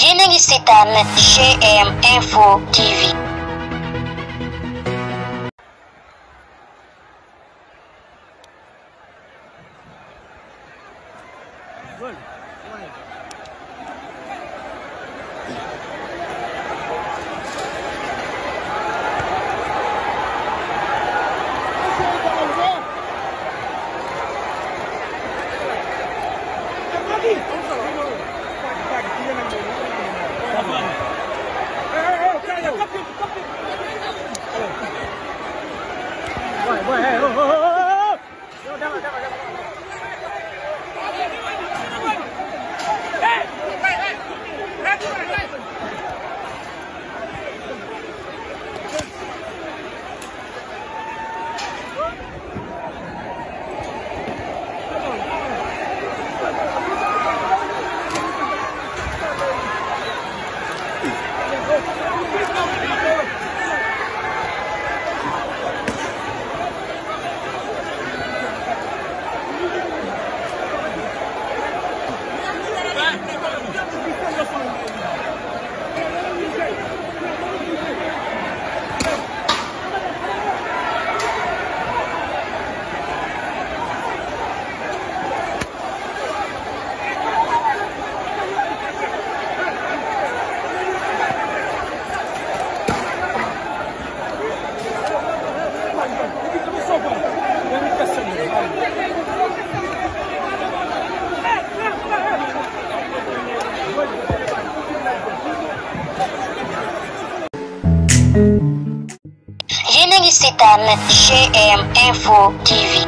Yenegisitan GM Info TV. Vamos! yéen a ngi